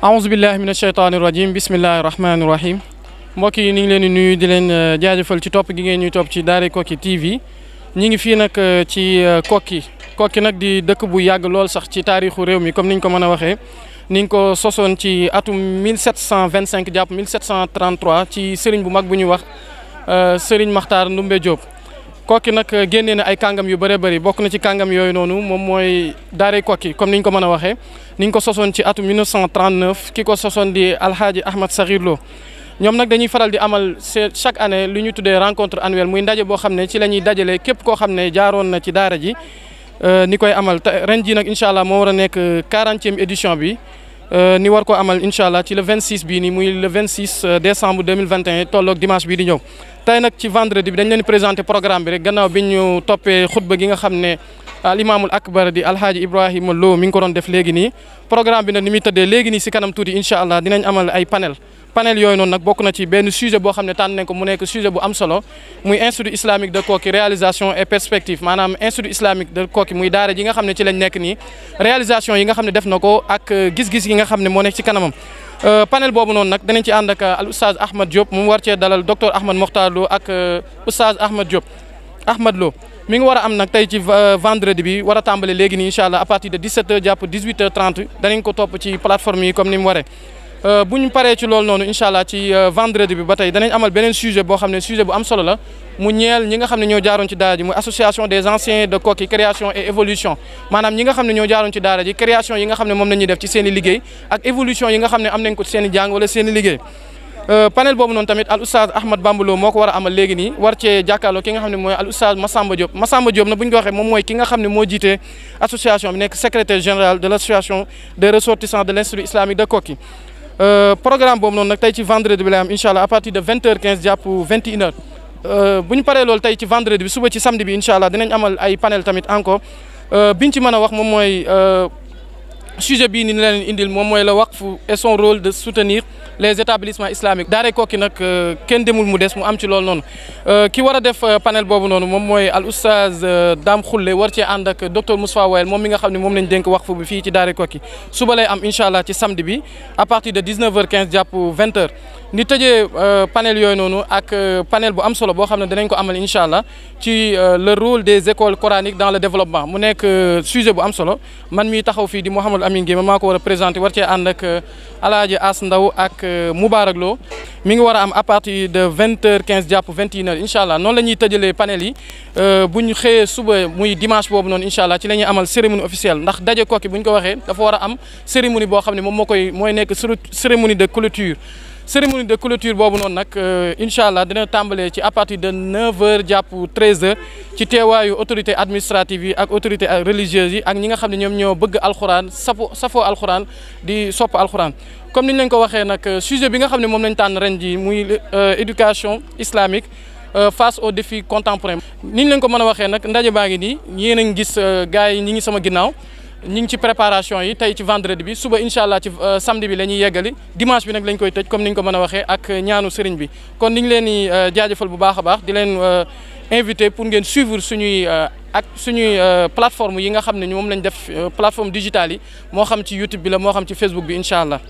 ahousubillahi min a irajim bismillahi rahmaani rahim mbokk yi ñu ngi leen di nuyu di leen eh, jaajëfal ci topp gi ngeen ñuy topp ci Daaray Koki TV ñu ngi fii nag eh, ci eh, kokki kokki nag di dëkk bu yàgg lool sax ci taarixu réew mi comme niñ ko mën a waxee niñ ko sosoon ci atum 1725 jàpp 1733 ci sëriñ bu mag bu ñuy wax sëriñ Maxtaar Ndumbe Diop kokki nag génnee ay kàngam yu bëree bëri bokk na ci kàngam yooyu noonu moom mooy daaray kokki comme niñ ko mën a waxee niñ ko sosoon ci atum 1939 ki ko sosoon di alhaaji ahmad saxiir lo ñoom nag dañuy faral di amal chaque anne lu ñu tuddee rencontre annuelle muy ndaje boo xam ne ci lañuy ñuy dajale képp koo xam ne jaaroon na ci daara ji euh, ni koy amal ren ji nag incha allah moo war a nekk quarantième édition bi Euh, ni war ko amal incha allah ci le 26 bii nii muy le 26 euh, décembre 2021 tolloog dimanche bii di ñëw tey nag ci vendredi bi dañ leen présenté programme bi rek gannaaw bi ñu toppee xutba gi nga xam ne al imaamul akbar di alhaaji ibrahima loo mi ngi ko doon def léegi nii programme bi nag ni muy tëddee léegi nii si kanam tuuti incha allah dinañ amal ay panel panel yooyu noonu nag bokk na ci benn sujet boo xam ne tànn nañ ko mu nekk sujet bu am solo muy institut islamique de Koki réalisation et perspective maanaam institut islamique de Koki muy daara ji nga xam ne ci lañ nekk nii réalisation yi nga xam ne def na ko ak gis-gis yi nga xam ne moo nekk ci kanamam. Euh, panel boobu noonu nag danañ ci ànd ak euh, al oustaz Ahmed Diop mu war cee dalal docteur Ahmed Mokhtar Lo ak euh, oustaz Ahmed Diop Ahmed Lo. mi ngi war a am nag tey ci vendredi a tàmbale léegi nii incha allah à partir de 17h jàpp 18h30 ci plateforme yi comme ni mu waree. Euh, bu ñu paree ci loolu noonu incha allah ci euh, vendredi bi ba tey danañ amal beneen sujet boo xam ne sujet bu am solo la mu ñeel ñi nga xam ne ñoo jaaroon ci daara ji muy association des anciens de Koki création et évolution maanaam ñi nga xam ne ñoo jaaroon ci daara ji création yi nga xam ne moom la ñuy def ci seen i liggéey ak évolution yi nga xam ne am nañ ko seen i jàng wala seen i liggéey euh, panel boobu noonu tamit al oustaz Ahmad Bambalo moo ko war a amal léegi nii war cee jàkkaarloo ki nga ne mooy al oustaz Massamba Diop Massamba Diop na bu ñu ko waxee moom mooy ne moo jiite association bi nekk secrétaire général de Euh, programme boobu noonu nag tey ci vendredi bi lay am incha allah partir de vingt heures quinze jàpp vingt et une heures euh, bu tey ci vendredi bi suba ci samedi bi incha allah dinañ amal ay panel tamit encore euh, biñ ci mën a wax moom mooy sujet bii ni leen indil moom mooy le waqf et son rôle de soutenir les établissements islamiques ko Koki nag euh, kenn demul mu des mu am ci loolu noonu euh, ki war a def euh, panel boobu noonu moom mooy al oustaz Dame Khoule war cee ànd ak docteur Moustapha Wayel moom mi nga xam ne moom lañ dénk wax fu bi fii ci daaray Koki suba lay am incha allah ci samedi bi à partir de 19h15 jàpp 20h ni tëjee panel yooyu noonu ak panel bu am solo boo xam ne danañ ko amal incha allah ci le rôle des écoles coraniques dans le développement mu nekk sujet bu am solo man mi taxaw fii di Mouhamadou Amine Guèye maa ko war a présenté war cee ànd ak Alaaji As Ndaw ak Euh, Moubarak Lo mi ngi war a am à partir de vingt heures quinze jàpp vingt et une heures incha allah noonu la ñuy tëjalee panel yi euh, bu ñu xëyee suba muy dimanche boobu noonu incha allah ci la ñuy amal cérémonie officielle ndax daje kokki bu ñu ko waxee dafa war a am cérémonie boo xam ne moom moo koy mooy nekk cérémonie de clôture. cérémonie de clôture boobu noonu nag euh, incha allah dina tàmbalee ci à partir de 9h jàpp 13h ci teewaayu autorité administrative yi ak autorité religieuse yi ak ñi nga xam ne ñoom ñoo bëgg alxuraan sapo safoo alxuraan di sopp alxuraan. comme ni ñu leen ko waxee nag euh, sujet bi nga xam ne moom lañ tànn ren ji muy euh, éducation islamique face au defi contemporains. ni ñu leen ko mën a waxee nag ndaje baa ngi nii yéen a ngi gis gars yi ñi ngi sama ginnaaw. ñu ngi ci préparation yi tey ci vendredi bi suba incha allah ci euh, samedi bi la ñuy yeggali dimanche bi nag lañ koy tëj comme ni ñu ko mën a waxee ak ñaanu sëriñ bi kon ni ñu leen di euh, jaajëfal bu baax a baax di leen euh, invité pour ngeen suivre suñuy ak suñuy plateforme yi nga xam ne moom lañ def plateforme digitale yi moo xam ci YouTube bi la moo xam ci Facebook bi incha allah.